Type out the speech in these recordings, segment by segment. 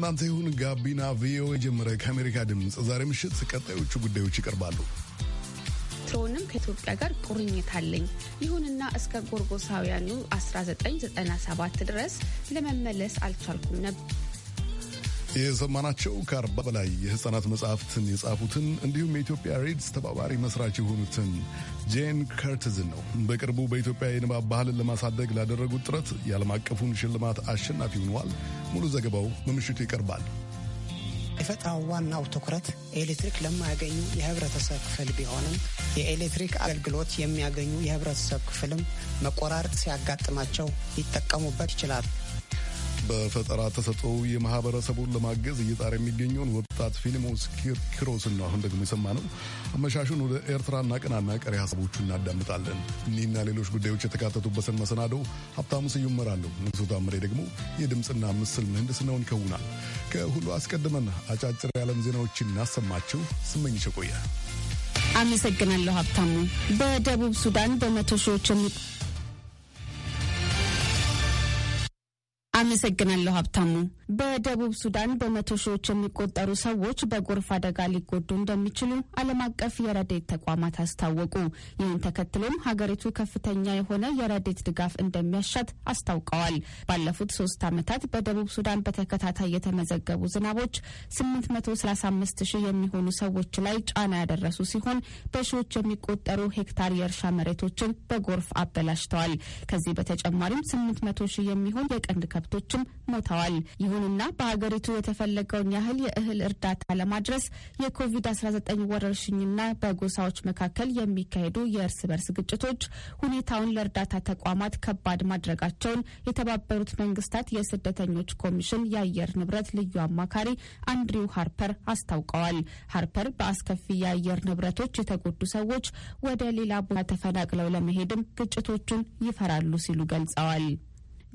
እናንተ ይሁን። ጋቢና ቪኦኤ የጀመረ ከአሜሪካ ድምፅ ዛሬ ምሽት ቀጣዮቹ ጉዳዮች ይቀርባሉ። ትሮንም ከኢትዮጵያ ጋር ቁርኝት አለኝ። ይሁንና እስከ ጎርጎሳውያኑ 1997 ድረስ ለመመለስ አልቻልኩም ነበር። የሰማናቸው ከአርባ በላይ የህፃናት መጽሐፍትን የጻፉትን እንዲሁም የኢትዮጵያ ሬድስ ተባባሪ መስራች የሆኑትን ጄን ከርትዝን ነው። በቅርቡ በኢትዮጵያ የንባብ ባህልን ለማሳደግ ላደረጉት ጥረት የዓለም አቀፉን ሽልማት አሸናፊ ሆነዋል። ሙሉ ዘገባው በምሽቱ ይቀርባል። የፈጣው ዋናው ትኩረት ኤሌክትሪክ ለማያገኙ የህብረተሰብ ክፍል ቢሆንም የኤሌክትሪክ አገልግሎት የሚያገኙ የህብረተሰብ ክፍልም መቆራረጥ ሲያጋጥማቸው ሊጠቀሙበት ይችላል። በፈጠራ ተሰጦ የማህበረሰቡን ለማገዝ እየጣር የሚገኘውን ወጣት ፊልሞስ ኪሮስን ነው አሁን ደግሞ የሰማ ነው። አመሻሹን ወደ ኤርትራ እናቀናና ቀሪ ሀሳቦቹ እናዳምጣለን። እኒህና ሌሎች ጉዳዮች የተካተቱበትን መሰናዶ ሀብታሙ ስዩም እመራለሁ። ንጉሱ ታምሬ ደግሞ የድምፅና ምስል ምህንድስናውን ይከውናል። ከሁሉ አስቀድመን አጫጭር የዓለም ዜናዎችን እናሰማችሁ። ስመኝሽ ቆየ። አመሰግናለሁ ሀብታሙ። በደቡብ ሱዳን በመቶ ሺዎች አመሰግናለሁ ሀብታሙ። በደቡብ ሱዳን በመቶ ሺዎች የሚቆጠሩ ሰዎች በጎርፍ አደጋ ሊጎዱ እንደሚችሉ ዓለም አቀፍ የረዴት ተቋማት አስታወቁ። ይህን ተከትሎም ሀገሪቱ ከፍተኛ የሆነ የረዴት ድጋፍ እንደሚያሻት አስታውቀዋል። ባለፉት ሶስት ዓመታት በደቡብ ሱዳን በተከታታይ የተመዘገቡ ዝናቦች 835 ሺህ የሚሆኑ ሰዎች ላይ ጫና ያደረሱ ሲሆን በሺዎች የሚቆጠሩ ሄክታር የእርሻ መሬቶችን በጎርፍ አበላሽተዋል። ከዚህ በተጨማሪም 800 ሺህ የሚሆን የቀንድ ከብት ከብቶችም ሞተዋል። ይሁንና በሀገሪቱ የተፈለገውን ያህል የእህል እርዳታ ለማድረስ የኮቪድ-19 ወረርሽኝና በጎሳዎች መካከል የሚካሄዱ የእርስ በርስ ግጭቶች ሁኔታውን ለእርዳታ ተቋማት ከባድ ማድረጋቸውን የተባበሩት መንግስታት የስደተኞች ኮሚሽን የአየር ንብረት ልዩ አማካሪ አንድሪው ሀርፐር አስታውቀዋል። ሀርፐር በአስከፊ የአየር ንብረቶች የተጎዱ ሰዎች ወደ ሌላ ቦታ ተፈናቅለው ለመሄድም ግጭቶቹን ይፈራሉ ሲሉ ገልጸዋል።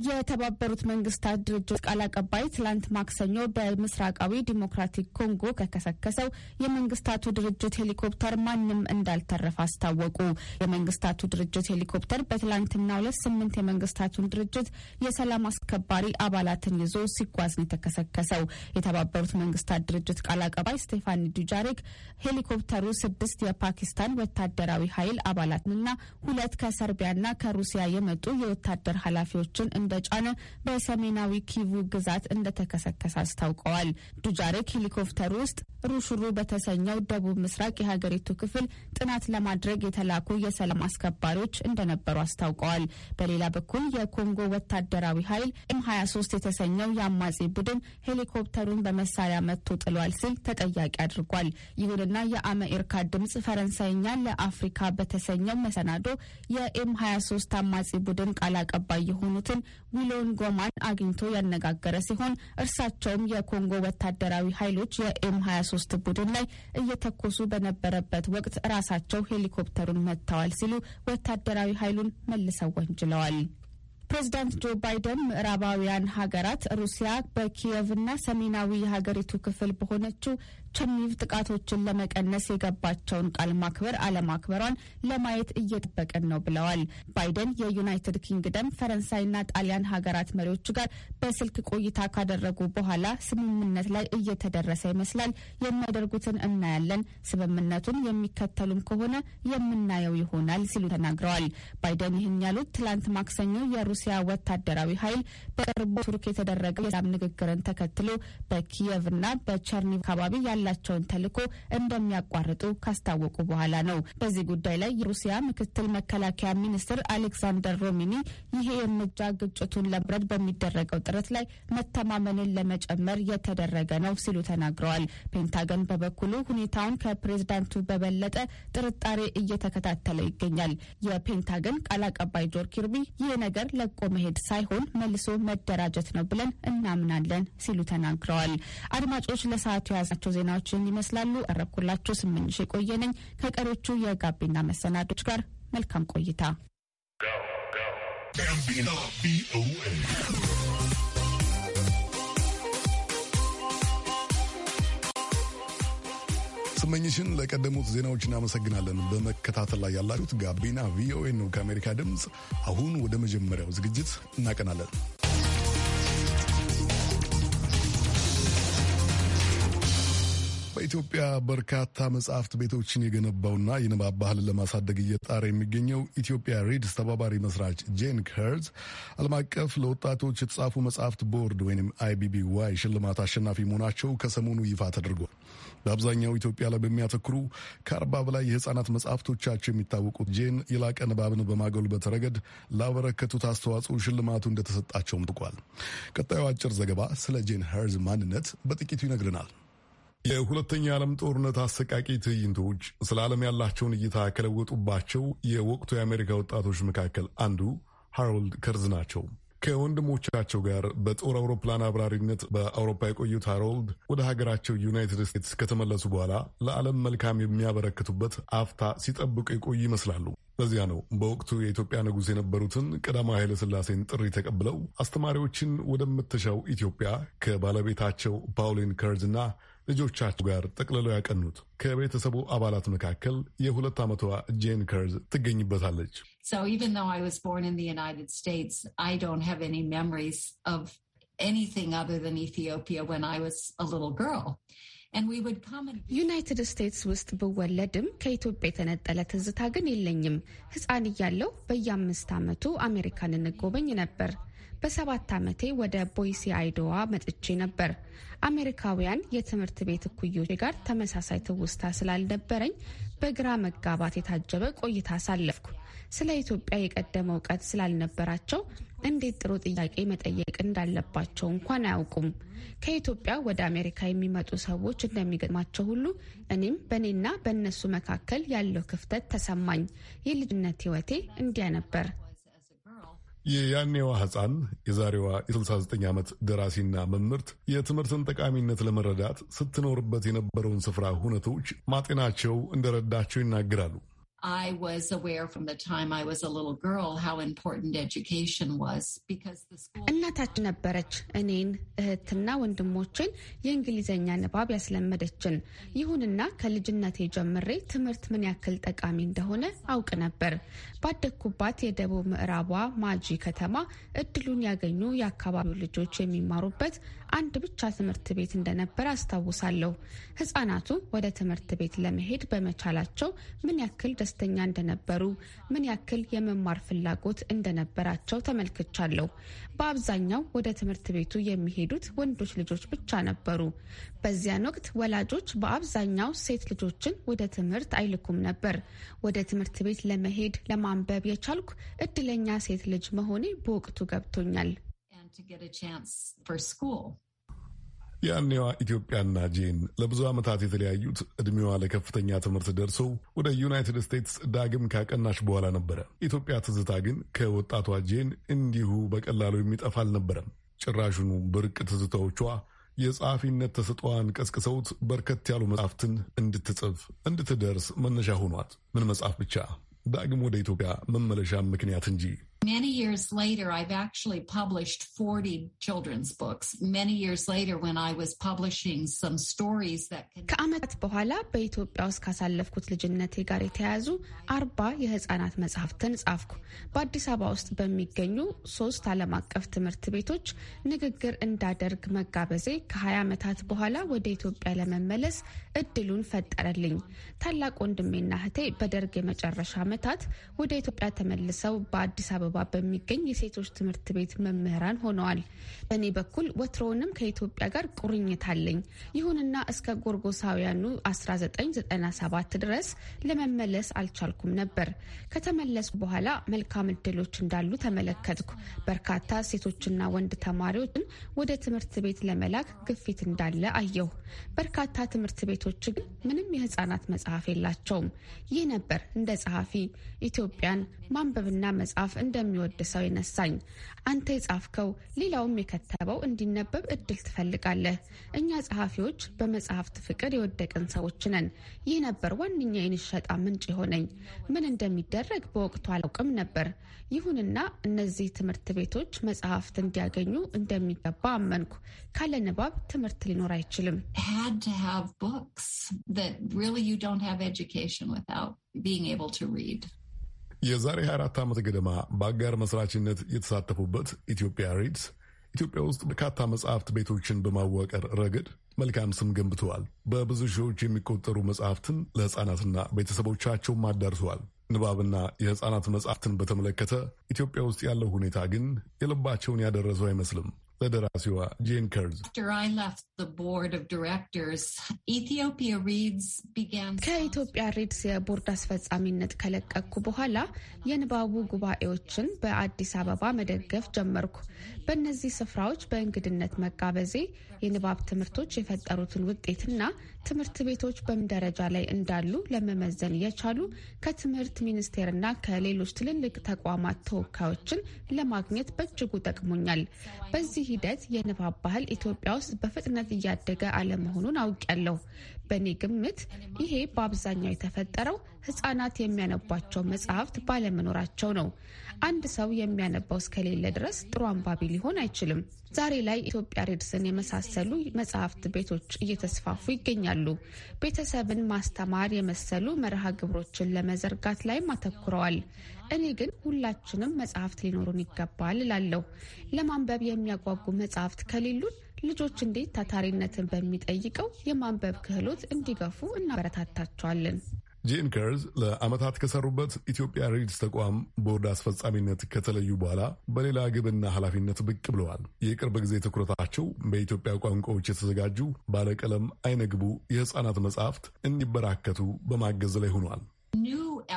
የተባበሩት መንግስታት ድርጅት ቃል አቀባይ ትላንት ማክሰኞ በምስራቃዊ ዲሞክራቲክ ኮንጎ ከከሰከሰው የመንግስታቱ ድርጅት ሄሊኮፕተር ማንም እንዳልተረፈ አስታወቁ። የመንግስታቱ ድርጅት ሄሊኮፕተር በትላንትና ሁለት ስምንት የመንግስታቱን ድርጅት የሰላም አስከባሪ አባላትን ይዞ ሲጓዝ ነው የተከሰከሰው። የተባበሩት መንግስታት ድርጅት ቃል አቀባይ ስቴፋኒ ዱጃሪክ ሄሊኮፕተሩ ስድስት የፓኪስታን ወታደራዊ ኃይል አባላትንና ሁለት ከሰርቢያና ከሩሲያ የመጡ የወታደር ኃላፊዎችን ጦሩን በጫነ በሰሜናዊ ኪቩ ግዛት እንደተከሰከሰ አስታውቀዋል። ዱጃሬክ ሄሊኮፕተር ውስጥ ሩሹሩ በተሰኘው ደቡብ ምስራቅ የሀገሪቱ ክፍል ጥናት ለማድረግ የተላኩ የሰላም አስከባሪዎች እንደነበሩ አስታውቀዋል። በሌላ በኩል የኮንጎ ወታደራዊ ኃይል ኤም 23 የተሰኘው የአማጺ ቡድን ሄሊኮፕተሩን በመሳሪያ መጥቶ ጥሏል ሲል ተጠያቂ አድርጓል። ይሁንና የአሜሪካ ድምጽ ፈረንሳይኛ ለአፍሪካ በተሰኘው መሰናዶ የኤም 23 አማጺ ቡድን ቃል አቀባይ የሆኑትን ዊሎን ጎማን አግኝቶ ያነጋገረ ሲሆን እርሳቸውም የኮንጎ ወታደራዊ ኃይሎች የኤም 23 ቡድን ላይ እየተኮሱ በነበረበት ወቅት ራሳቸው ሄሊኮፕተሩን መጥተዋል ሲሉ ወታደራዊ ኃይሉን መልሰው ወንጅለዋል። ፕሬዚዳንት ጆ ባይደን ምዕራባውያን ሀገራት ሩሲያ በኪየቭና ሰሜናዊ የሀገሪቱ ክፍል በሆነችው ቸሚቭ ጥቃቶችን ለመቀነስ የገባቸውን ቃል ማክበር አለማክበሯን ለማየት እየጠበቅን ነው ብለዋል። ባይደን የዩናይትድ ኪንግደም ፈረንሳይና ጣሊያን ሀገራት መሪዎች ጋር በስልክ ቆይታ ካደረጉ በኋላ ስምምነት ላይ እየተደረሰ ይመስላል። የሚያደርጉትን እናያለን። ስምምነቱን የሚከተሉም ከሆነ የምናየው ይሆናል ሲሉ ተናግረዋል። ባይደን ይህን ያሉት ትላንት ማክሰኞ የሩሲያ ወታደራዊ ኃይል በቅርቡ ቱርክ የተደረገ የሰላም ንግግርን ተከትሎ በኪየቭና በቸርኒቭ አካባቢ ያለ ያላቸውን ተልዕኮ እንደሚያቋርጡ ካስታወቁ በኋላ ነው። በዚህ ጉዳይ ላይ የሩሲያ ምክትል መከላከያ ሚኒስትር አሌክሳንደር ሮሚኒ ይሄ እርምጃ ግጭቱን ለመብረድ በሚደረገው ጥረት ላይ መተማመንን ለመጨመር የተደረገ ነው ሲሉ ተናግረዋል። ፔንታገን በበኩሉ ሁኔታውን ከፕሬዝዳንቱ በበለጠ ጥርጣሬ እየተከታተለ ይገኛል። የፔንታገን ቃል አቀባይ ጆን ኪርቢ ይህ ነገር ለቆ መሄድ ሳይሆን መልሶ መደራጀት ነው ብለን እናምናለን ሲሉ ተናግረዋል። አድማጮች ለሰዓቱ የያዛቸው ዜና ዜናዎችን ይመስላሉ። አረኩላችሁ ስምንሽ የቆየነኝ ከቀሪዎቹ የጋቢና መሰናዶች ጋር መልካም ቆይታ። ስመኝሽን ለቀደሙት ዜናዎች እናመሰግናለን። በመከታተል ላይ ያላችሁት ጋቢና ቪኦኤ ነው ከአሜሪካ ድምፅ። አሁን ወደ መጀመሪያው ዝግጅት እናቀናለን። በኢትዮጵያ በርካታ መጽሐፍት ቤቶችን የገነባውና የንባብ ባህልን ለማሳደግ እየጣረ የሚገኘው ኢትዮጵያ ሪድስ ተባባሪ መስራች ጄን ከርዝ ዓለም አቀፍ ለወጣቶች የተጻፉ መጽሐፍት ቦርድ ወይም አይቢቢ ዋይ ሽልማት አሸናፊ መሆናቸው ከሰሞኑ ይፋ ተደርጓል። በአብዛኛው ኢትዮጵያ ላይ በሚያተኩሩ ከአርባ በላይ የህጻናት መጽሐፍቶቻቸው የሚታወቁት ጄን የላቀ ንባብን በማጎልበት ረገድ ላበረከቱት አስተዋጽኦ ሽልማቱ እንደተሰጣቸውም ጥቋል። ቀጣዩ አጭር ዘገባ ስለ ጄን ሄርዝ ማንነት በጥቂቱ ይነግረናል። የሁለተኛ ዓለም ጦርነት አሰቃቂ ትዕይንቶች ስለ ዓለም ያላቸውን እይታ ከለወጡባቸው የወቅቱ የአሜሪካ ወጣቶች መካከል አንዱ ሃሮልድ ከርዝ ናቸው። ከወንድሞቻቸው ጋር በጦር አውሮፕላን አብራሪነት በአውሮፓ የቆዩት ሃሮልድ ወደ ሀገራቸው ዩናይትድ ስቴትስ ከተመለሱ በኋላ ለዓለም መልካም የሚያበረክቱበት አፍታ ሲጠብቁ የቆዩ ይመስላሉ። በዚያ ነው በወቅቱ የኢትዮጵያ ንጉሥ የነበሩትን ቀዳማዊ ኃይለሥላሴን ጥሪ ተቀብለው አስተማሪዎችን ወደምትሻው ኢትዮጵያ ከባለቤታቸው ፓውሊን ከርዝና ልጆቻቸው ጋር ጠቅልለው ያቀኑት። ከቤተሰቡ አባላት መካከል የሁለት ዓመቷ ጄን ከርዝ ትገኝበታለች። ዩናይትድ ስቴትስ ውስጥ ብወለድም ከኢትዮጵያ የተነጠለ ትዝታ ግን የለኝም። ሕፃን እያለሁ በየአምስት ዓመቱ አሜሪካን እንጎበኝ ነበር። በሰባት ዓመቴ ወደ ቦይሴ አይዶዋ መጥቼ ነበር። አሜሪካውያን የትምህርት ቤት እኩዮቼ ጋር ተመሳሳይ ትውስታ ስላልነበረኝ በግራ መጋባት የታጀበ ቆይታ አሳለፍኩ። ስለ ኢትዮጵያ የቀደመ እውቀት ስላልነበራቸው እንዴት ጥሩ ጥያቄ መጠየቅ እንዳለባቸው እንኳን አያውቁም። ከኢትዮጵያ ወደ አሜሪካ የሚመጡ ሰዎች እንደሚገጥማቸው ሁሉ እኔም በእኔና በእነሱ መካከል ያለው ክፍተት ተሰማኝ። የልጅነት ሕይወቴ እንዲያ ነበር። የያኔዋ ሕፃን የዛሬዋ የ69 ዓመት ደራሲና መምህርት የትምህርትን ጠቃሚነት ለመረዳት ስትኖርበት የነበረውን ስፍራ ሁነቶች ማጤናቸው እንደረዳቸው ይናገራሉ። I was aware from the time I was a little girl how important education was because the school... እናታችን ነበረች እኔን እህትና ወንድሞችን የእንግሊዝኛ ንባብ ያስለመደችን። ይሁንና ከልጅነቴ ጀምሬ ትምህርት ምን ያክል ጠቃሚ እንደሆነ አውቅ ነበር። ባደግኩባት የደቡብ ምዕራቧ ማጂ ከተማ እድሉን ያገኙ የአካባቢው ልጆች የሚማሩበት አንድ ብቻ ትምህርት ቤት እንደነበር አስታውሳለሁ። ህጻናቱ ወደ ትምህርት ቤት ለመሄድ በመቻላቸው ምን ያክል ደስተኛ እንደነበሩ፣ ምን ያክል የመማር ፍላጎት እንደነበራቸው ተመልክቻለሁ። በአብዛኛው ወደ ትምህርት ቤቱ የሚሄዱት ወንዶች ልጆች ብቻ ነበሩ። በዚያን ወቅት ወላጆች በአብዛኛው ሴት ልጆችን ወደ ትምህርት አይልኩም ነበር። ወደ ትምህርት ቤት ለመሄድ ለማንበብ የቻልኩ እድለኛ ሴት ልጅ መሆኔ በወቅቱ ገብቶኛል። ያኔዋ ኢትዮጵያና ጄን ለብዙ ዓመታት የተለያዩት ዕድሜዋ ለከፍተኛ ትምህርት ደርሰው ወደ ዩናይትድ ስቴትስ ዳግም ካቀናች በኋላ ነበረ። ኢትዮጵያ ትዝታ ግን ከወጣቷ ጄን እንዲሁ በቀላሉ የሚጠፋ አልነበረም። ጭራሹኑ ብርቅ ትዝታዎቿ የጸሐፊነት ተሰጥኦዋን ቀስቅሰውት በርከት ያሉ መጽሐፍትን እንድትጽፍ እንድትደርስ መነሻ ሆኗት። ምን መጽሐፍ ብቻ ዳግም ወደ ኢትዮጵያ መመለሻ ምክንያት እንጂ Many years later, I've actually published 40 children's books. Many years later, when I was publishing some stories that. ከዓመታት በኋላ በኢትዮጵያ ውስጥ ካሳለፍኩት ልጅነቴ ጋር የተያያዙ አርባ የህፃናት መጽሐፍትን ጻፍኩ። በአዲስ አበባ ውስጥ በሚገኙ ሶስት ዓለም አቀፍ ትምህርት ቤቶች ንግግር እንዳደርግ መጋበዜ ከ20 ዓመታት በኋላ ወደ ኢትዮጵያ ለመመለስ እድሉን ፈጠረልኝ። ታላቅ ወንድሜና እህቴ በደርግ የመጨረሻ ዓመታት ወደ ኢትዮጵያ ተመልሰው በአዲስ አበባ አበባ በሚገኝ የሴቶች ትምህርት ቤት መምህራን ሆነዋል። በእኔ በኩል ወትሮውንም ከኢትዮጵያ ጋር ቁርኝት አለኝ። ይሁንና እስከ ጎርጎሳውያኑ 1997 ድረስ ለመመለስ አልቻልኩም ነበር። ከተመለስኩ በኋላ መልካም እድሎች እንዳሉ ተመለከትኩ። በርካታ ሴቶችና ወንድ ተማሪዎችን ወደ ትምህርት ቤት ለመላክ ግፊት እንዳለ አየሁ። በርካታ ትምህርት ቤቶች ግን ምንም የህፃናት መጽሐፍ የላቸውም። ይህ ነበር እንደ ጸሐፊ ኢትዮጵያን ማንበብና መጻፍ እንደ እንደሚወድ ሰው ይነሳኝ። አንተ የጻፍከው ሌላውም የከተበው እንዲነበብ እድል ትፈልጋለህ። እኛ ጸሐፊዎች በመጽሐፍት ፍቅር የወደቅን ሰዎች ነን። ይህ ነበር ዋነኛ የንሸጣ ምንጭ የሆነኝ። ምን እንደሚደረግ በወቅቱ አላውቅም ነበር። ይሁንና እነዚህ ትምህርት ቤቶች መጽሐፍት እንዲያገኙ እንደሚገባ አመንኩ። ካለ ንባብ ትምህርት ሊኖር አይችልም። being able to read. የዛሬ 24 ዓመት ገደማ በአጋር መስራችነት የተሳተፉበት ኢትዮጵያ ሪድስ ኢትዮጵያ ውስጥ በርካታ መጽሐፍት ቤቶችን በማዋቀር ረገድ መልካም ስም ገንብተዋል። በብዙ ሺዎች የሚቆጠሩ መጽሐፍትን ለሕፃናትና ቤተሰቦቻቸውም አዳርሰዋል። ንባብና የሕፃናት መጽሐፍትን በተመለከተ ኢትዮጵያ ውስጥ ያለው ሁኔታ ግን የልባቸውን ያደረሰው አይመስልም። ለደራሲዋ ጄን ከርዝ ከኢትዮጵያ ሪድስ የቦርድ አስፈጻሚነት ከለቀቅኩ በኋላ የንባቡ ጉባኤዎችን በአዲስ አበባ መደገፍ ጀመርኩ። በእነዚህ ስፍራዎች በእንግድነት መጋበዜ የንባብ ትምህርቶች የፈጠሩትን ውጤትና ትምህርት ቤቶች በምን ደረጃ ላይ እንዳሉ ለመመዘን የቻሉ ከትምህርት ሚኒስቴርና ከሌሎች ትልልቅ ተቋማት ተወካዮችን ለማግኘት በእጅጉ ጠቅሞኛል። በዚህ ሂደት የንባብ ባህል ኢትዮጵያ ውስጥ በፍጥነት እያደገ አለመሆኑን አውቄያለሁ። በእኔ ግምት ይሄ በአብዛኛው የተፈጠረው ህጻናት የሚያነቧቸው መጽሐፍት ባለመኖራቸው ነው። አንድ ሰው የሚያነባው እስከሌለ ድረስ ጥሩ አንባቢ ሊሆን አይችልም። ዛሬ ላይ ኢትዮጵያ ሬድስን የመሳሰሉ መጽሐፍት ቤቶች እየተስፋፉ ይገኛሉ። ቤተሰብን ማስተማር የመሰሉ መርሃ ግብሮችን ለመዘርጋት ላይም አተኩረዋል። እኔ ግን ሁላችንም መጽሐፍት ሊኖሩን ይገባል እላለሁ። ለማንበብ የሚያጓጉ መጽሐፍት ከሌሉን ልጆች እንዴት ታታሪነትን በሚጠይቀው የማንበብ ክህሎት እንዲገፉ እናበረታታቸዋለን። ጄን ከርዝ ለዓመታት ከሰሩበት ኢትዮጵያ ሪድስ ተቋም ቦርድ አስፈጻሚነት ከተለዩ በኋላ በሌላ ግብና ኃላፊነት ብቅ ብለዋል። የቅርብ ጊዜ ትኩረታቸው በኢትዮጵያ ቋንቋዎች የተዘጋጁ ባለቀለም አይነግቡ የህፃናት መጽሐፍት እንዲበራከቱ በማገዝ ላይ ሆኗል።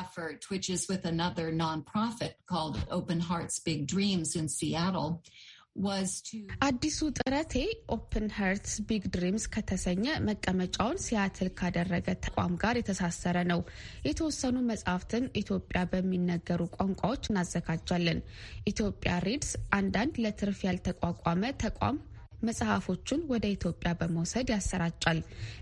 effort, which is with another nonprofit called Open Hearts Big Dreams in Seattle, አዲሱ ጥረቴ ኦፕን ሄርትስ ቢግ ድሪምስ ከተሰኘ መቀመጫውን ሲያትል ካደረገ ተቋም ጋር የተሳሰረ ነው። የተወሰኑ መጽሐፍትን ኢትዮጵያ በሚነገሩ ቋንቋዎች እናዘጋጃለን። ኢትዮጵያ ሪድስ አንዳንድ ለትርፍ ያልተቋቋመ ተቋም መጽሐፎቹን ወደ ኢትዮጵያ በመውሰድ ያሰራጫል።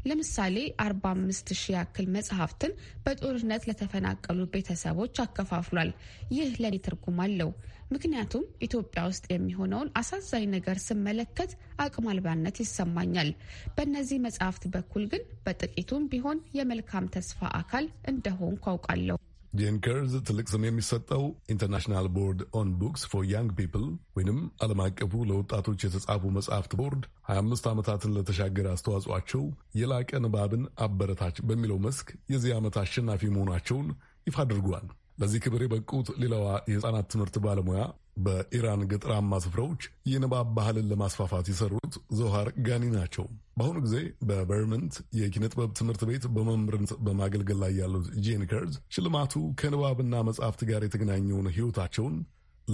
ለምሳሌ 45 ሺህ ያክል መጽሐፍትን በጦርነት ለተፈናቀሉ ቤተሰቦች አከፋፍሏል። ይህ ለኔ ትርጉም አለው። ምክንያቱም ኢትዮጵያ ውስጥ የሚሆነውን አሳዛኝ ነገር ስመለከት አቅም አልባነት ይሰማኛል። በእነዚህ መጽሐፍት በኩል ግን በጥቂቱም ቢሆን የመልካም ተስፋ አካል እንደሆንኩ አውቃለሁ። ጄን ከርዝ ትልቅ ስም የሚሰጠው ኢንተርናሽናል ቦርድ ኦን ቡክስ ፎር ያንግ ፒፕል ወይንም ዓለም አቀፉ ለወጣቶች የተጻፉ መጽሐፍት ቦርድ 25 ዓመታትን ለተሻገረ አስተዋጽኦቸው የላቀ ንባብን አበረታች በሚለው መስክ የዚህ ዓመት አሸናፊ መሆናቸውን ይፋ አድርጓል። ለዚህ ክብር የበቁት ሌላዋ የህፃናት ትምህርት ባለሙያ በኢራን ገጠራማ ስፍራዎች የንባብ ባህልን ለማስፋፋት የሰሩት ዞሃር ጋኒ ናቸው። በአሁኑ ጊዜ የኪነ የኪነጥበብ ትምህርት ቤት በመምህርነት በማገልገል ላይ ያሉት ጄን ከርዝ ሽልማቱ ከንባብና መጽሐፍት ጋር የተገናኘውን ህይወታቸውን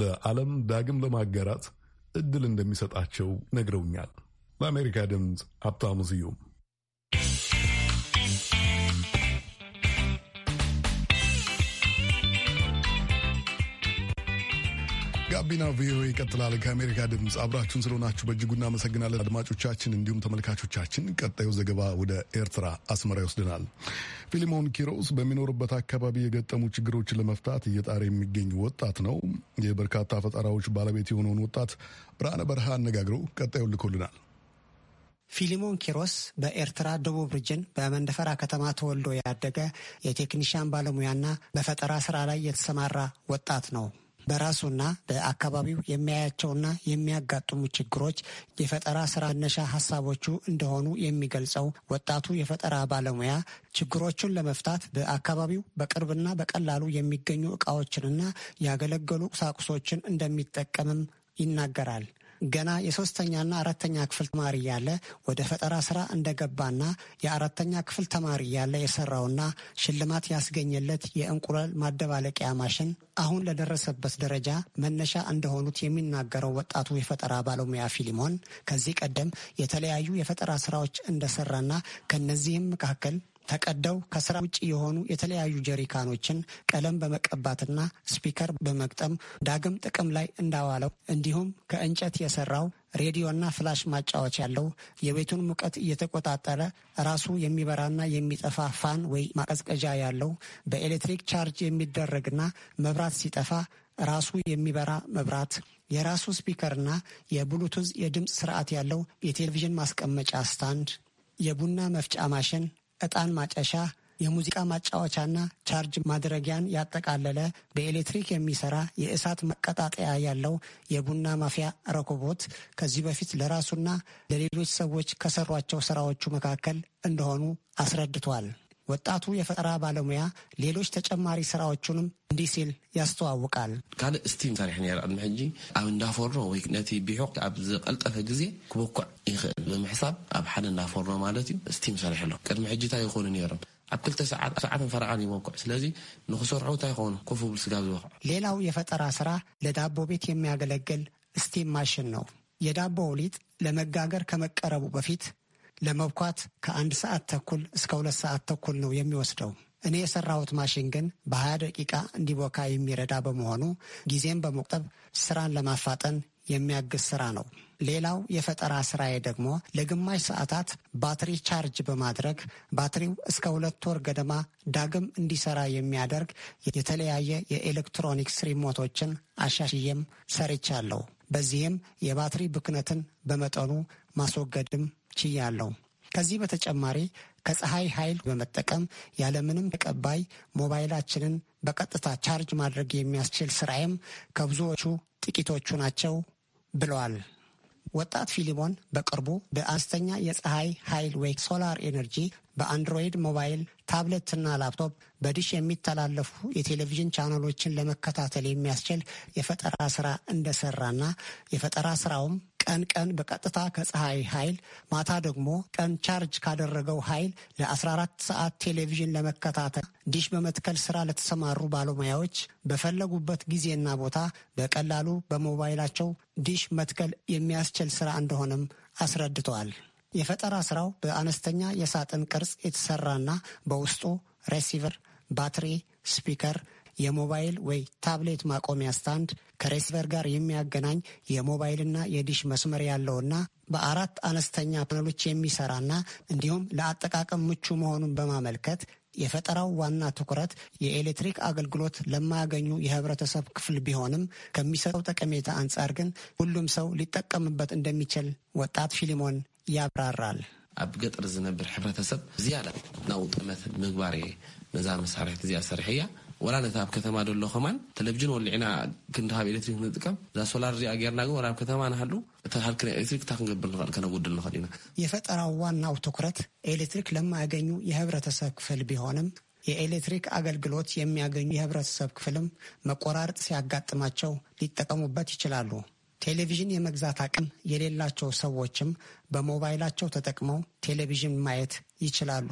ለዓለም ዳግም ለማጋራት እድል እንደሚሰጣቸው ነግረውኛል። ለአሜሪካ ድምፅ ሀብታሙ ስዩም ጋቢና ቪኦኤ ይቀጥላል። ከአሜሪካ ድምፅ አብራችሁን ስለሆናችሁ በእጅጉ እናመሰግናለን አድማጮቻችን፣ እንዲሁም ተመልካቾቻችን። ቀጣዩ ዘገባ ወደ ኤርትራ አስመራ ይወስድናል። ፊሊሞን ኪሮስ በሚኖርበት አካባቢ የገጠሙ ችግሮችን ለመፍታት እየጣረ የሚገኝ ወጣት ነው። የበርካታ ፈጠራዎች ባለቤት የሆነውን ወጣት ብርሃነ በረሃ አነጋግሮ ቀጣዩን ልኮልናል። ፊሊሞን ኪሮስ በኤርትራ ደቡብ ሪጅን በመንደፈራ ከተማ ተወልዶ ያደገ የቴክኒሽያን ባለሙያና በፈጠራ ስራ ላይ የተሰማራ ወጣት ነው። በራሱና በአካባቢው የሚያያቸውና የሚያጋጥሙ ችግሮች የፈጠራ ስራ መነሻ ሀሳቦቹ እንደሆኑ የሚገልጸው ወጣቱ የፈጠራ ባለሙያ ችግሮቹን ለመፍታት በአካባቢው በቅርብና በቀላሉ የሚገኙ እቃዎችንና ያገለገሉ ቁሳቁሶችን እንደሚጠቀምም ይናገራል። ገና የሶስተኛና አራተኛ ክፍል ተማሪ እያለ ወደ ፈጠራ ስራ እንደገባና የአራተኛ ክፍል ተማሪ እያለ የሰራውና ሽልማት ያስገኘለት የእንቁላል ማደባለቂያ ማሽን አሁን ለደረሰበት ደረጃ መነሻ እንደሆኑት የሚናገረው ወጣቱ የፈጠራ ባለሙያ ፊሊሞን ከዚህ ቀደም የተለያዩ የፈጠራ ስራዎች እንደሰራና ከነዚህም መካከል ተቀደው ከስራ ውጭ የሆኑ የተለያዩ ጀሪካኖችን ቀለም በመቀባትና ስፒከር በመግጠም ዳግም ጥቅም ላይ እንዳዋለው እንዲሁም ከእንጨት የሰራው ሬዲዮና ፍላሽ ማጫወች ያለው የቤቱን ሙቀት እየተቆጣጠረ ራሱ የሚበራና የሚጠፋ ፋን ወይ ማቀዝቀዣ ያለው በኤሌክትሪክ ቻርጅ የሚደረግና መብራት ሲጠፋ ራሱ የሚበራ መብራት የራሱ ስፒከርና የብሉቱዝ የድምፅ ስርዓት ያለው የቴሌቪዥን ማስቀመጫ ስታንድ የቡና መፍጫ ማሽን ዕጣን ማጨሻ፣ የሙዚቃ ማጫወቻና ቻርጅ ማድረጊያን ያጠቃለለ በኤሌክትሪክ የሚሰራ የእሳት መቀጣጠያ ያለው የቡና ማፍያ ረኮቦት ከዚህ በፊት ለራሱና ለሌሎች ሰዎች ከሰሯቸው ስራዎቹ መካከል እንደሆኑ አስረድቷል። ወጣቱ የፈጠራ ባለሙያ ሌሎች ተጨማሪ ስራዎቹንም እንዲህ ሲል ያስተዋውቃል። ካልእ እስቲ ሰሪሕን የርአድሚ ሕጂ ኣብ እንዳፈሮ ወይ ነቲ ቢሑቅ ኣብ ዝቀልጠፈ ግዜ ክበኩዕ ይኽእል ብምሕሳብ ኣብ ሓደ እንዳፈሮ ማለት እዩ እስቲም ሰሪሕ ኣሎ ቅድሚ ሕጂ እንታይ ይኮኑ ነይሮም ኣብ ክልተ ሰዓት ሰዓትን ፈረቃን ይበኩዕ ስለዚ ንክሰርዑ እንታይ ይኮኑ ኮፍ ብል ስጋ ዝበኩዕ ሌላው የፈጠራ ስራ ለዳቦ ቤት የሚያገለግል ስቲም ማሽን ነው። የዳቦው ሊጥ ለመጋገር ከመቀረቡ በፊት ለመብኳት ከአንድ ሰዓት ተኩል እስከ ሁለት ሰዓት ተኩል ነው የሚወስደው። እኔ የሰራሁት ማሽን ግን በሀያ ደቂቃ እንዲቦካ የሚረዳ በመሆኑ ጊዜን በመቁጠብ ስራን ለማፋጠን የሚያግዝ ስራ ነው። ሌላው የፈጠራ ስራዬ ደግሞ ለግማሽ ሰዓታት ባትሪ ቻርጅ በማድረግ ባትሪው እስከ ሁለት ወር ገደማ ዳግም እንዲሰራ የሚያደርግ የተለያየ የኤሌክትሮኒክስ ሪሞቶችን አሻሽዬም ሰርቻለሁ። በዚህም የባትሪ ብክነትን በመጠኑ ማስወገድም ችያለው። ከዚህ በተጨማሪ ከፀሐይ ኃይል በመጠቀም ያለምንም ተቀባይ ሞባይላችንን በቀጥታ ቻርጅ ማድረግ የሚያስችል ስራዬም ከብዙዎቹ ጥቂቶቹ ናቸው ብለዋል። ወጣት ፊሊሞን በቅርቡ በአነስተኛ የፀሐይ ኃይል ወይ ሶላር ኤነርጂ በአንድሮይድ ሞባይል፣ ታብሌትና ላፕቶፕ በዲሽ የሚተላለፉ የቴሌቪዥን ቻናሎችን ለመከታተል የሚያስችል የፈጠራ ስራ እንደሰራና የፈጠራ ስራውም ቀን ቀን በቀጥታ ከፀሐይ ኃይል ማታ ደግሞ ቀን ቻርጅ ካደረገው ኃይል ለ14 ሰዓት ቴሌቪዥን ለመከታተል ዲሽ በመትከል ስራ ለተሰማሩ ባለሙያዎች በፈለጉበት ጊዜና ቦታ በቀላሉ በሞባይላቸው ዲሽ መትከል የሚያስችል ስራ እንደሆነም አስረድተዋል። የፈጠራ ስራው በአነስተኛ የሳጥን ቅርጽ የተሰራና በውስጡ ሬሲቨር፣ ባትሪ፣ ስፒከር፣ የሞባይል ወይ ታብሌት ማቆሚያ ስታንድ ከሬሲቨር ጋር የሚያገናኝ የሞባይልና የዲሽ መስመር ያለውና በአራት አነስተኛ ፓነሎች የሚሰራና እንዲሁም ለአጠቃቀም ምቹ መሆኑን በማመልከት የፈጠራው ዋና ትኩረት የኤሌክትሪክ አገልግሎት ለማያገኙ የህብረተሰብ ክፍል ቢሆንም ከሚሰጠው ጠቀሜታ አንጻር ግን ሁሉም ሰው ሊጠቀምበት እንደሚችል ወጣት ፊሊሞን ያብራራል። ኣብ ገጠር ዝነብር ሕብረተሰብ ዝያዳ ናብ ውጥመት ምግባር እየ ነዛ መሳርሒት እዚኣ ሰርሐ እያ ወላ ነታ ኣብ ከተማ ደሎ ኸማን ተለብጅን ወሊዕና ክንድሃብ ኤሌትሪክ ንጥቀም እዛ ሶላር እዚኣ ጌርና ግን ወላ ኣብ ከተማ ንሃሉ እታ ሃልክን ኤሌትሪክ እታ ክንገብር ንኽእል ከነጉድል ንኽእል ኢና የፈጠራው ዋናው ትኩረት ኤሌትሪክ ለማያገኙ የህብረተሰብ ክፍል ቢሆንም የኤሌክትሪክ አገልግሎት የሚያገኙ የህብረተሰብ ክፍልም መቆራረጥ ሲያጋጥማቸው ሊጠቀሙበት ይችላሉ። ቴሌቪዥን የመግዛት አቅም የሌላቸው ሰዎችም በሞባይላቸው ተጠቅመው ቴሌቪዥን ማየት ይችላሉ።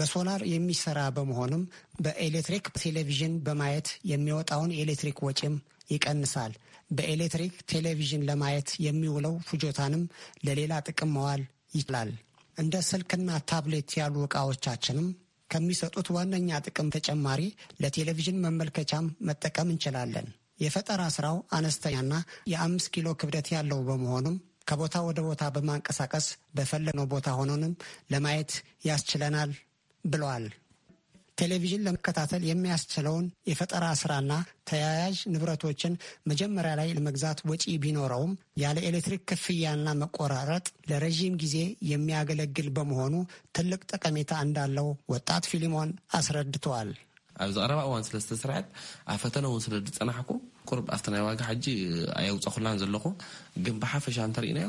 በሶላር የሚሰራ በመሆኑም በኤሌክትሪክ ቴሌቪዥን በማየት የሚወጣውን የኤሌክትሪክ ወጪም ይቀንሳል። በኤሌክትሪክ ቴሌቪዥን ለማየት የሚውለው ፍጆታንም ለሌላ ጥቅም መዋል ይችላል። እንደ ስልክና ታብሌት ያሉ ዕቃዎቻችንም ከሚሰጡት ዋነኛ ጥቅም ተጨማሪ ለቴሌቪዥን መመልከቻም መጠቀም እንችላለን። የፈጠራ ስራው አነስተኛና የአምስት ኪሎ ክብደት ያለው በመሆኑም ከቦታ ወደ ቦታ በማንቀሳቀስ በፈለግነው ቦታ ሆኖንም ለማየት ያስችለናል ብለዋል። ቴሌቪዥን ለመከታተል የሚያስችለውን የፈጠራ ስራና ተያያዥ ንብረቶችን መጀመሪያ ላይ ለመግዛት ወጪ ቢኖረውም ያለ ኤሌክትሪክ ክፍያና መቆራረጥ ለረዥም ጊዜ የሚያገለግል በመሆኑ ትልቅ ጠቀሜታ እንዳለው ወጣት ፊሊሞን አስረድተዋል። ኣብዚ ቀረባ እዋን ስለ ዝተስርሐት ኣብ ፈተነ እውን ስለ ዝፀናሕኩ ቁርብ ኣብቲ ናይ ዋጋ ሓጂ ኣየውፀኹላን ዘለኹ ግን ብሓፈሻ እንተርእናዮ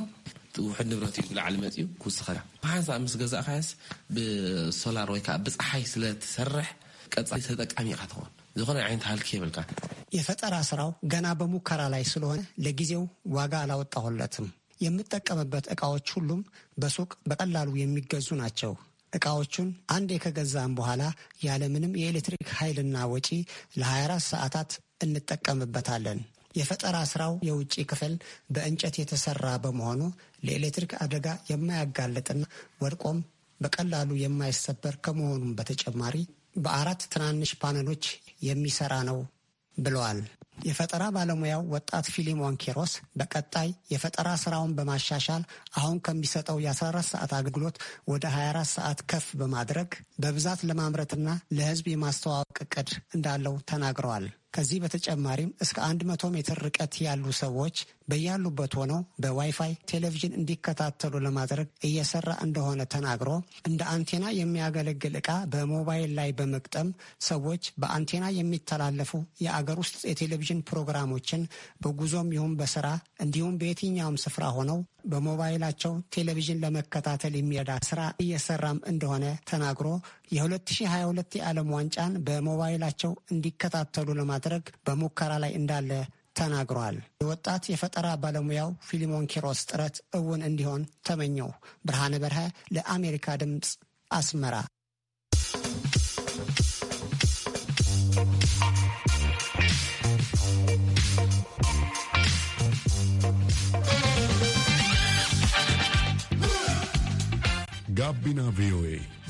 ውሕድ ንብረት እዩ ብላዕሊ መፅኡ ክውስኸ ብሓንሳ ምስ ገዛእካያስ ብሶላር ወይ ከዓ ብፀሓይ ስለትሰርሕ ቀፃሊ ተጠቃሚ ኢካ ትኾን ዝኾነ ዓይነት ሃልኪ የብልካ የፈጠራ ስራው ገና በሙከራ ላይ ስለሆነ ለጊዜው ዋጋ አላወጣሁለትም። የምጠቀምበት ዕቃዎች ሁሉም በሱቅ በቀላሉ የሚገዙ ናቸው። እቃዎቹን አንዴ ከገዛም በኋላ ያለምንም የኤሌክትሪክ ኃይልና ወጪ ለ24 ሰዓታት እንጠቀምበታለን። የፈጠራ ስራው የውጭ ክፍል በእንጨት የተሰራ በመሆኑ ለኤሌክትሪክ አደጋ የማያጋልጥና ወድቆም በቀላሉ የማይሰበር ከመሆኑም በተጨማሪ በአራት ትናንሽ ፓነሎች የሚሰራ ነው ብለዋል። የፈጠራ ባለሙያው ወጣት ፊሊሞን ኬሮስ በቀጣይ የፈጠራ ስራውን በማሻሻል አሁን ከሚሰጠው የ14 ሰዓት አገልግሎት ወደ 24 ሰዓት ከፍ በማድረግ በብዛት ለማምረትና ለሕዝብ የማስተዋወቅ እቅድ እንዳለው ተናግረዋል። ከዚህ በተጨማሪም እስከ 100 ሜትር ርቀት ያሉ ሰዎች በያሉበት ሆነው በዋይፋይ ቴሌቪዥን እንዲከታተሉ ለማድረግ እየሰራ እንደሆነ ተናግሮ እንደ አንቴና የሚያገለግል ዕቃ በሞባይል ላይ በመቅጠም ሰዎች በአንቴና የሚተላለፉ የአገር ውስጥ የቴሌቪዥን ፕሮግራሞችን በጉዞም ይሁን በስራ እንዲሁም በየትኛውም ስፍራ ሆነው በሞባይላቸው ቴሌቪዥን ለመከታተል የሚረዳ ስራ እየሰራም እንደሆነ ተናግሮ የ2022 የዓለም ዋንጫን በሞባይላቸው እንዲከታተሉ ለማድረግ በሙከራ ላይ እንዳለ ተናግሯል። የወጣት የፈጠራ ባለሙያው ፊሊሞን ኪሮስ ጥረት እውን እንዲሆን ተመኘው። ብርሃነ በርሀ ለአሜሪካ ድምፅ አስመራ። ጋቢና ቪኦኤ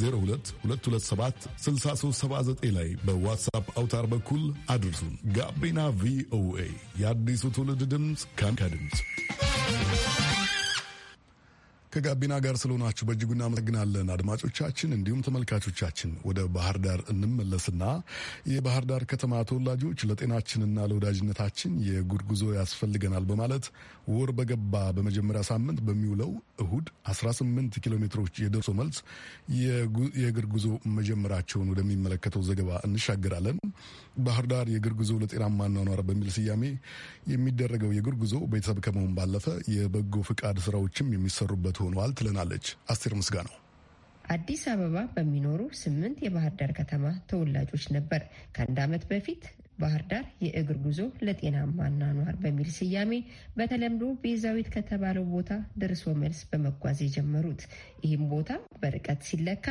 202 ላይ በዋትሳፕ አውታር በኩል አድርሱን። ጋቢና ቪኦኤ የአዲሱ ትውልድ ድምፅ ከአሜሪካ ድምፅ ከጋቢና ጋር ስለሆናችሁ በእጅጉ እናመሰግናለን አድማጮቻችን፣ እንዲሁም ተመልካቾቻችን። ወደ ባህር ዳር እንመለስና የባህር ዳር ከተማ ተወላጆች ለጤናችንና ለወዳጅነታችን የእግር ጉዞ ያስፈልገናል በማለት ወር በገባ በመጀመሪያ ሳምንት በሚውለው እሁድ 18 ኪሎ ሜትሮች የደርሶ መልስ የእግር ጉዞ መጀመራቸውን ወደሚመለከተው ዘገባ እንሻገራለን። ባህር ዳር የእግር ጉዞ ለጤናማ አኗኗር በሚል ስያሜ የሚደረገው የእግር ጉዞ ቤተሰብ ከመሆን ባለፈ የበጎ ፍቃድ ስራዎችም የሚሰሩበት ሆነዋል ትለናለች አስቴር ምስጋናው። አዲስ አበባ በሚኖሩ ስምንት የባህር ዳር ከተማ ተወላጆች ነበር ከአንድ ዓመት በፊት ባህር ዳር የእግር ጉዞ ለጤናማ አኗኗር በሚል ስያሜ በተለምዶ ቤዛዊት ከተባለው ቦታ ደርሶ መልስ በመጓዝ የጀመሩት። ይህም ቦታ በርቀት ሲለካ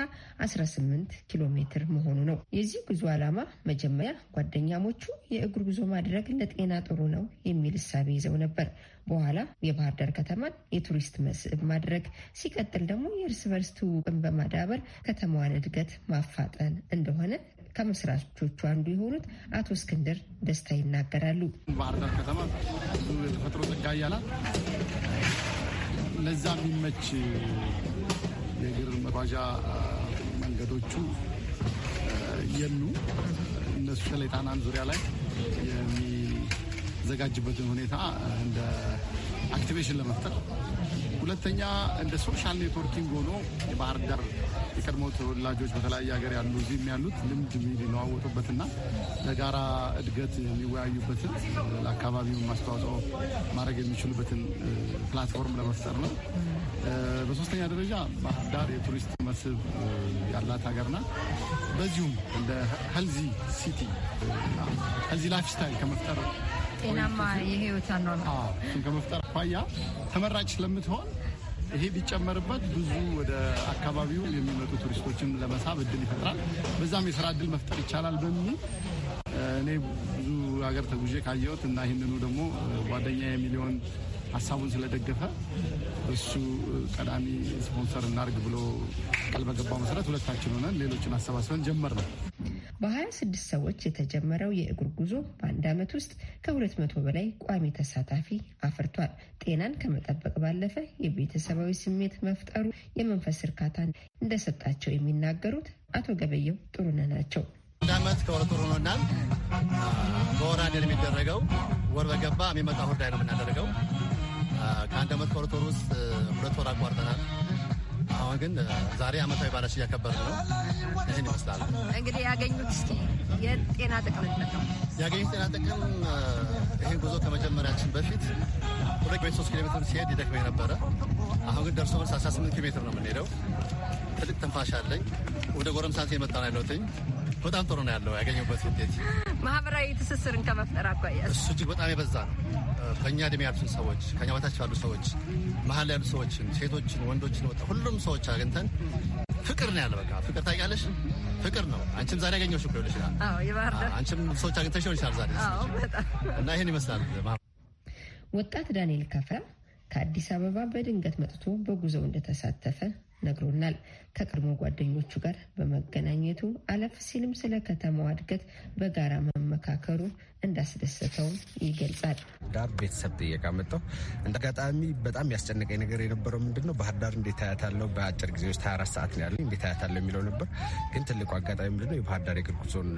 18 ኪሎ ሜትር መሆኑ ነው። የዚህ ጉዞ ዓላማ መጀመሪያ ጓደኛሞቹ የእግር ጉዞ ማድረግ ለጤና ጥሩ ነው የሚል እሳቤ ይዘው ነበር። በኋላ የባህር ዳር ከተማን የቱሪስት መስህብ ማድረግ ሲቀጥል ደግሞ የእርስ በርስ ትውውቅን በማዳበር ከተማዋን እድገት ማፋጠን እንደሆነ ከመስራቾቹ አንዱ የሆኑት አቶ እስክንድር ደስታ ይናገራሉ። ባህር ዳር ከተማ ብዙ የተፈጥሮ ጸጋ ያላት ለዛ የሚመች የእግር መጓዣ መንገዶቹ የሉ እነሱ በተለይ ጣናን ዙሪያ ላይ የሚዘጋጅበትን ሁኔታ እንደ አክቲቬሽን ለመፍጠር ሁለተኛ እንደ ሶሻል ኔትወርኪንግ ሆኖ የባህር ዳር የቀድሞ ተወላጆች በተለያየ ሀገር ያሉ እዚህም ያሉት ልምድ የሚለዋወጡበትና ለጋራ እድገት የሚወያዩበትን ለአካባቢውን ማስተዋጽኦ ማድረግ የሚችሉበትን ፕላትፎርም ለመፍጠር ነው። በሶስተኛ ደረጃ ባህር ዳር የቱሪስት መስህብ ያላት ሀገር ናት። በዚሁም እንደ ሄልዚ ሲቲ ሄልዚ ላይፍ ስታይል ከመፍጠር ጤናማ የህይወት ከመፍጠር ኳያ ተመራጭ ስለምትሆን ይሄ ቢጨመርበት ብዙ ወደ አካባቢው የሚመጡ ቱሪስቶችን ለመሳብ እድል ይፈጥራል። በዛም የስራ እድል መፍጠር ይቻላል በሚል እኔ ብዙ ሀገር ተጉዤ ካየሁት እና ይህንኑ ደግሞ ጓደኛ የሚሊዮን ሀሳቡን ስለደገፈ እሱ ቀዳሚ ስፖንሰር እናርግ ብሎ ቃል በገባው መሰረት ሁለታችን ሆነን ሌሎችን አሰባስበን ጀመር ነው። በ26 ሰዎች የተጀመረው የእግር ጉዞ በአንድ ዓመት ውስጥ ከ200 በላይ ቋሚ ተሳታፊ አፍርቷል። ጤናን ከመጠበቅ ባለፈ የቤተሰባዊ ስሜት መፍጠሩ የመንፈስ እርካታን እንደሰጣቸው የሚናገሩት አቶ ገበየው ጥሩነ ናቸው። አንድ ዓመት ከሁለት ወር በወር አንዴ የሚደረገው። ወር በገባ የሚመጣ ሁርዳይ ነው የምናደርገው። ከአንድ ዓመት ከሁለት ውስጥ ሁለት ወር አቋርጠናል። አሁን ግን ዛሬ አመታዊ በዓላት እያከበር ነው። ይህን ይመስላል እንግዲህ ያገኙት እስኪ የጤና ጥቅም ነው ያገኙት ጤና ጥቅም ይህን ጉዞ ከመጀመሪያችን በፊት ሁለት ቤት ሶስት ኪሎ ሜትር ሲሄድ ይደክመኝ ነበረ። አሁን ግን ደርሶ መልስ 18 ኪሎ ሜትር ነው የምንሄደው። ትልቅ ትንፋሽ አለኝ። ወደ ጎረምሳት የመጣ ነው ያለሁትኝ። በጣም ጥሩ ነው ያለው ያገኘሁበት ውጤት ማህበራዊ ትስስርን ከመፍጠር አኳያ እሱ እጅግ በጣም የበዛ ነው። ከእኛ እድሜ ያሉትን ሰዎች ከኛ በታች ያሉ ሰዎች መሀል ያሉ ሰዎችን፣ ሴቶችን፣ ወንዶችን ወጣ ሁሉም ሰዎች አግኝተን ፍቅር ነው ያለ። በቃ ፍቅር ታውቂያለሽ፣ ፍቅር ነው። አንቺም ዛሬ ያገኘሁሽ እኮ ይኸውልሽ፣ አንቺም ሰዎች አግኝተሽ ይሆን ይችላል ዛሬ እና ይህን ይመስላል። ወጣት ዳንኤል ከፈ ከአዲስ አበባ በድንገት መጥቶ በጉዞው እንደተሳተፈ ነግሮናል። ከቀድሞ ጓደኞቹ ጋር በመገናኘቱ አለፍ ሲልም ስለ ከተማዋ እድገት በጋራ መመካከሩ እንዳስደሰተውም ይገልጻል። ዳር ቤተሰብ ጥየቃ መጣው። እንደ አጋጣሚ በጣም ያስጨነቀኝ ነገር የነበረው ምንድን ነው ባህር ዳር እንዴት ታያታለው፣ በአጭር ጊዜ ውስጥ 24 ሰዓት ያለ እንዴት ታያታለው የሚለው ነበር። ግን ትልቁ አጋጣሚ ምንድነው የባህር ዳር የእግር ጉዞን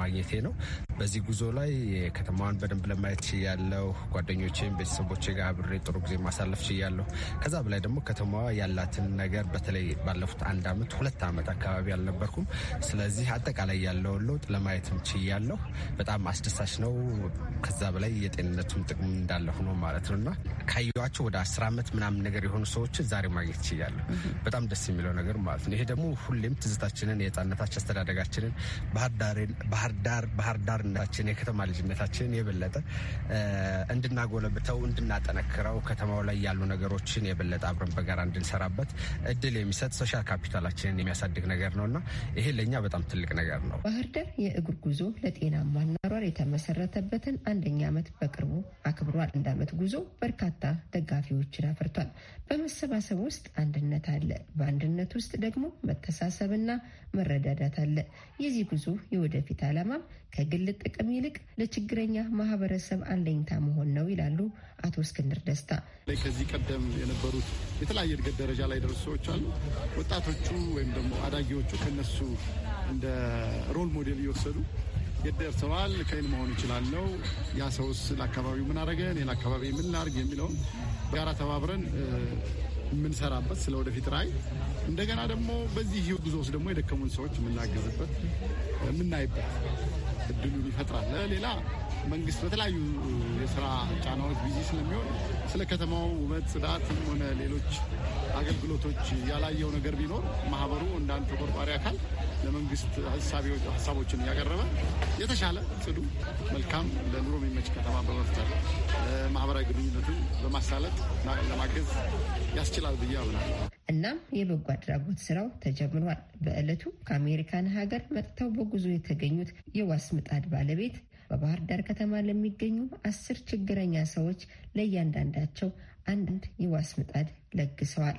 ማግኘቴ ነው። በዚህ ጉዞ ላይ ከተማዋን በደንብ ለማየት ያለው ጓደኞቼም ቤተሰቦቼ ጋር አብሬ ጥሩ ጊዜ ማሳለፍ ችያለሁ። ከዛ በላይ ደግሞ ከተማዋ ያላትን ነገር በተለይ ባለፉት አንድ አመት ሁለት አመት አካባቢ አልነበርኩም። ስለዚህ አጠቃላይ ያለውን ለውጥ ለማየትም ችያለሁ። በጣም አስደሳች ነው። ከዛ በላይ የጤንነቱም ጥቅም እንዳለ ሆኖ ማለት ነው እና ካየኋቸው ወደ አስር አመት ምናምን ነገር የሆኑ ሰዎች ዛሬ ማግኘት ችያለሁ። በጣም ደስ የሚለው ነገር ማለት ነው። ይሄ ደግሞ ሁሌም ትዝታችንን፣ የህፃነታችን አስተዳደጋችንን፣ ባህርዳር ባህርዳርነታችን፣ የከተማ ልጅነታችንን የበለጠ እንድናጎለብተው እንድናጠነክረው ከተማው ላይ ያሉ ነገሮችን የበለጠ አብረን በጋራ እንድንሰራበት እድል የሚሰጥ ሶሻል ካፒ ሆስፒታላችንን የሚያሳድግ ነገር ነው እና ይሄ ለእኛ በጣም ትልቅ ነገር ነው። ባህር ዳር የእግር ጉዞ ለጤናማ አኗኗር የተመሰረተበትን አንደኛ ዓመት በቅርቡ አክብሯል። አንድ ዓመት ጉዞ በርካታ ደጋፊዎችን አፍርቷል። በመሰባሰብ ውስጥ አንድነት አለ። በአንድነት ውስጥ ደግሞ መተሳሰብና መረዳዳት አለ። የዚህ ጉዞ የወደፊት ዓላማም ከግል ጥቅም ይልቅ ለችግረኛ ማህበረሰብ አለኝታ መሆን ነው ይላሉ አቶ እስክንድር ደስታ ከዚህ ቀደም የነበሩት የተለያየ እድገት ደረጃ ላይ ደረሱ ሰዎች አሉ። ወጣቶቹ ወይም ደግሞ አዳጊዎቹ ከነሱ እንደ ሮል ሞዴል እየወሰዱ የት ከይን መሆን ይችላል ያ ሰውስ ለአካባቢው ምን አደረገ፣ እኔ ለአካባቢ ምን ላርግ የሚለውን ጋራ ተባብረን የምንሰራበት ስለ ወደፊት ራይ እንደገና ደግሞ በዚህ ህይወት ጉዞ ውስጥ ደግሞ የደከሙን ሰዎች የምናገዝበት የምናይበት እድሉን ይፈጥራል። ሌላ መንግስት በተለያዩ የስራ ጫናዎች ቢዚ ስለሚሆን ስለ ከተማው ውበት፣ ጽዳትም ሆነ ሌሎች አገልግሎቶች ያላየው ነገር ቢኖር ማህበሩ እንዳንድ ተቆርቋሪ አካል ለመንግስት ሀሳቦችን እያቀረበ የተሻለ ጽዱ፣ መልካም ለኑሮ የሚመች ከተማ በመፍጠር ማህበራዊ ግንኙነትን በማሳለጥ ለማገዝ ያስችላል ብዬ አምናለሁ። እናም የበጎ አድራጎት ስራው ተጀምሯል። በዕለቱ ከአሜሪካን ሀገር መጥተው በጉዞ የተገኙት የዋስ ምጣድ ባለቤት በባህር ዳር ከተማ ለሚገኙ አስር ችግረኛ ሰዎች ለእያንዳንዳቸው አንድ የዋስ ምጣድ ለግሰዋል።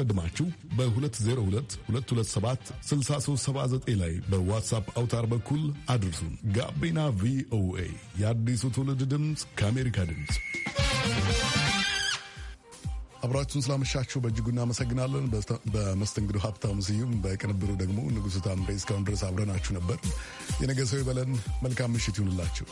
አስቀድማችሁ በ2022276379 ላይ በዋትሳፕ አውታር በኩል አድርሱን። ጋቢና ቪኦኤ የአዲሱ ትውልድ ድምፅ ከአሜሪካ ድምፅ። አብራችሁን ስላመሻችሁ በእጅጉ እናመሰግናለን። በመስተንግዶ ሀብታሙ ስዩም፣ በቅንብሩ ደግሞ ንጉሥ ታምሬ። እስካሁን ድረስ አብረናችሁ ነበር። የነገ ሰው ይበለን። መልካም ምሽት ይሁንላችሁ።